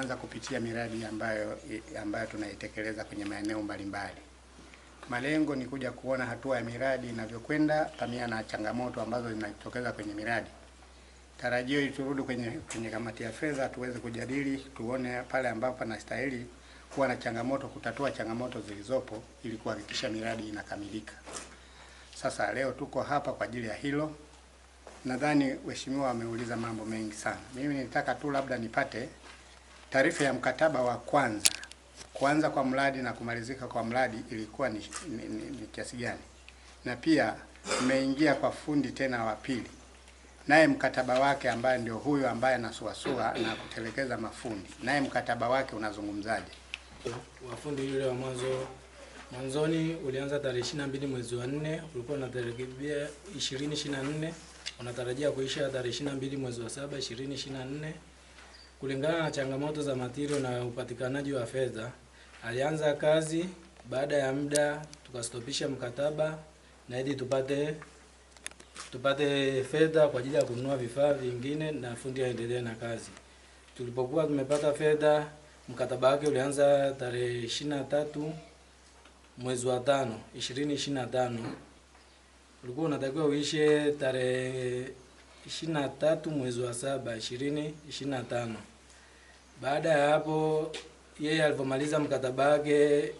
tunaanza kupitia miradi ambayo, ambayo tunaitekeleza kwenye maeneo mbalimbali. Malengo ni kuja kuona hatua ya miradi inavyokwenda pamoja na changamoto ambazo zinajitokeza kwenye miradi. Tarajio iturudi kwenye, kwenye kamati ya fedha tuweze kujadili, tuone pale ambapo panastahili kuwa na changamoto, kutatua changamoto zilizopo ili kuhakikisha miradi inakamilika. Sasa leo tuko hapa kwa ajili ya hilo. Nadhani waheshimiwa wameuliza mambo mengi sana, mimi nitaka tu labda nipate Taarifa ya mkataba wa kwanza kuanza kwa mradi na kumalizika kwa mradi ilikuwa ni, ni, ni, ni kiasi gani, na pia mmeingia kwa fundi tena wa pili, naye mkataba wake ambaye ndio huyo ambaye anasuasua na kutelekeza mafundi, naye mkataba wake unazungumzaje? Wafundi yule wa mwanzo mwanzoni ulianza tarehe 22 mwezi wa 4, ulikuwa unatarajia 2024, unatarajia kuisha tarehe 22 mwezi wa 7 2024. Kulingana na changamoto za matirio na upatikanaji wa fedha, alianza kazi, baada ya muda tukastopisha mkataba na ili tupate tupate fedha kwa ajili ya kununua vifaa vingine na fundi aendelee na kazi. Tulipokuwa tumepata fedha, mkataba wake ulianza tarehe ishirini na tatu mwezi wa tano ishirini ishirini na tano ulikuwa unatakiwa uishe tarehe 23 mwezi wa saba 2025. Baada ya hapo yeye alivyomaliza mkataba wake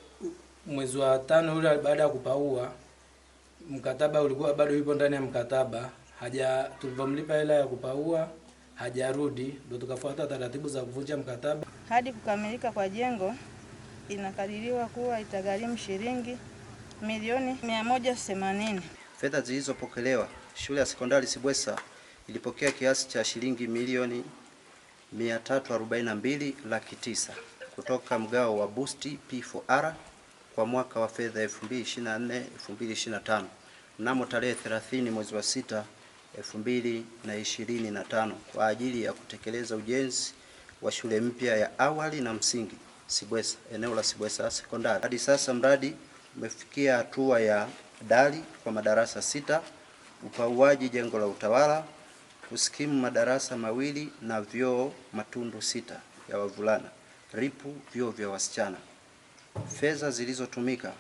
mwezi wa tano ule, baada ya kupaua mkataba ulikuwa bado yupo ndani ya mkataba, haja tulivyomlipa hela ya kupaua hajarudi, ndio tukafuata taratibu za kuvunja mkataba. Hadi kukamilika kwa jengo inakadiriwa kuwa itagharimu shilingi milioni 180. Fedha zilizopokelewa shule ya sekondari Sibwesa ilipokea kiasi cha shilingi milioni 342 laki tisa kutoka mgao wa Boost P4R kwa mwaka wa fedha 2024 2025 mnamo tarehe 30 mwezi wa 6 2025 kwa ajili ya kutekeleza ujenzi wa shule mpya ya awali na msingi Sibwesa, eneo la Sibwesa Sekondari. Hadi sasa mradi umefikia hatua ya dali kwa madarasa sita, upauaji jengo la utawala Uskimu madarasa mawili na vyoo matundu sita ya wavulana, ripu vyoo vya wasichana. Fedha zilizotumika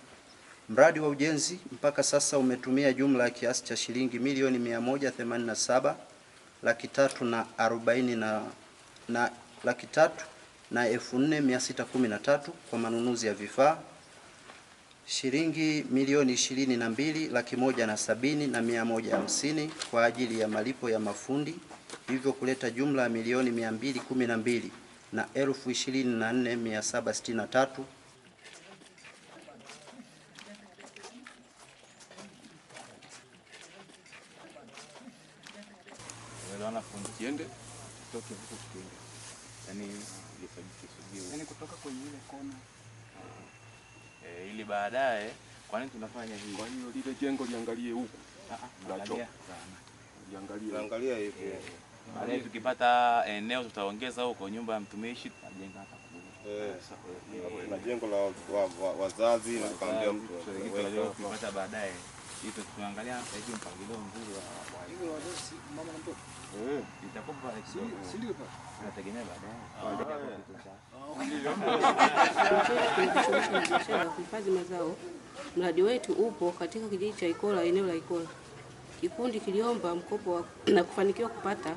Mradi wa ujenzi mpaka sasa umetumia jumla ya kiasi cha shilingi milioni 187 laki tatu na arobaini na, na laki tatu na elfu nne mia sita kumi na tatu kwa manunuzi ya vifaa shilingi milioni ishirini na mbili laki moja na sabini na mia moja hamsini kwa ajili ya malipo ya mafundi, hivyo kuleta jumla ya milioni mia mbili kumi na mbili na elfu ishirini na nne mia saba sitini na tatu yaani, yaani kutoka kwenye ile kona ili baadaye. Kwa nini tunafanya hivi? Kwa hiyo lile jengo liangalie huku, ah, ah, liangalie hivi, eh, eh. baadaye tukipata eneo tutaongeza huko nyumba ya mtumishi, tutajenga hata eh. na jengo la wazazi na kaambia mtu leo tukipata baadaye Hivi tunaangalia hapa hivi mpangilio mzuri wa hivi wazazi mama na mtoto eh, itakuwa pale, si ndio? Tunategemea baadaye ah, kuhifadhi mazao. Mradi wetu upo katika kijiji cha Ikola, eneo la Ikola. Kikundi kiliomba mkopo na kufanikiwa kupata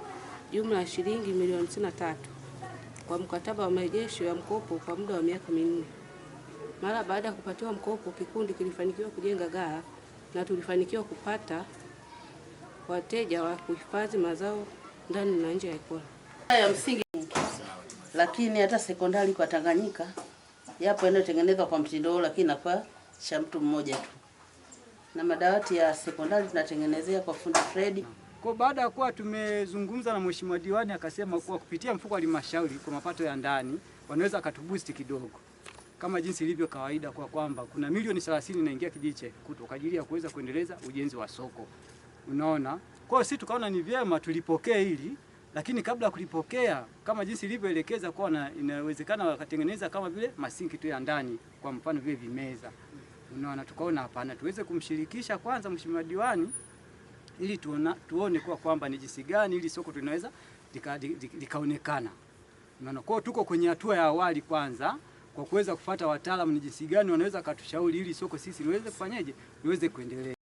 jumla ya shilingi milioni tatu kwa mkataba wa marejesho ya mkopo kwa muda wa miaka minne. Mara baada ya kupatiwa mkopo, kikundi kilifanikiwa kujenga ghala na tulifanikiwa kupata wateja wa kuhifadhi mazao ndani na nje ya Ikola. Ya msingi lakini hata sekondari kwa Tanganyika yapo yanayotengenezwa kwa mtindo huo, lakini nakuwa cha mtu mmoja tu, na madawati ya sekondari tunatengenezea kwa fundi Fredi. Kwa baada ya kuwa tumezungumza na mheshimiwa diwani, akasema kuwa kupitia mfuko wa halmashauri kwa mapato ya ndani wanaweza akatubusti kidogo kama jinsi ilivyo kawaida, kwa kwamba kuna milioni 30 inaingia kijiji cha Ikuto kwa ajili ya kuweza kuendeleza ujenzi wa soko. Unaona, kwa hiyo sisi tukaona ni vyema tulipokee hili lakini kabla ya kulipokea kama jinsi ilivyoelekeza kuwa inawezekana wakatengeneza kama vile masinki tu ya ndani, kwa mfano vile vimeza. Unaona, tukaona hapana, tuweze kumshirikisha kwanza mheshimiwa diwani ili tuona, tuone kwa kwamba ni jinsi gani ili soko tunaweza likaonekana. Unaona, kwao tuko kwenye hatua ya awali kwanza kwa kuweza kufata wataalamu ni jinsi gani wanaweza katushauri ili soko sisi liweze kufanyeje liweze kuendelea.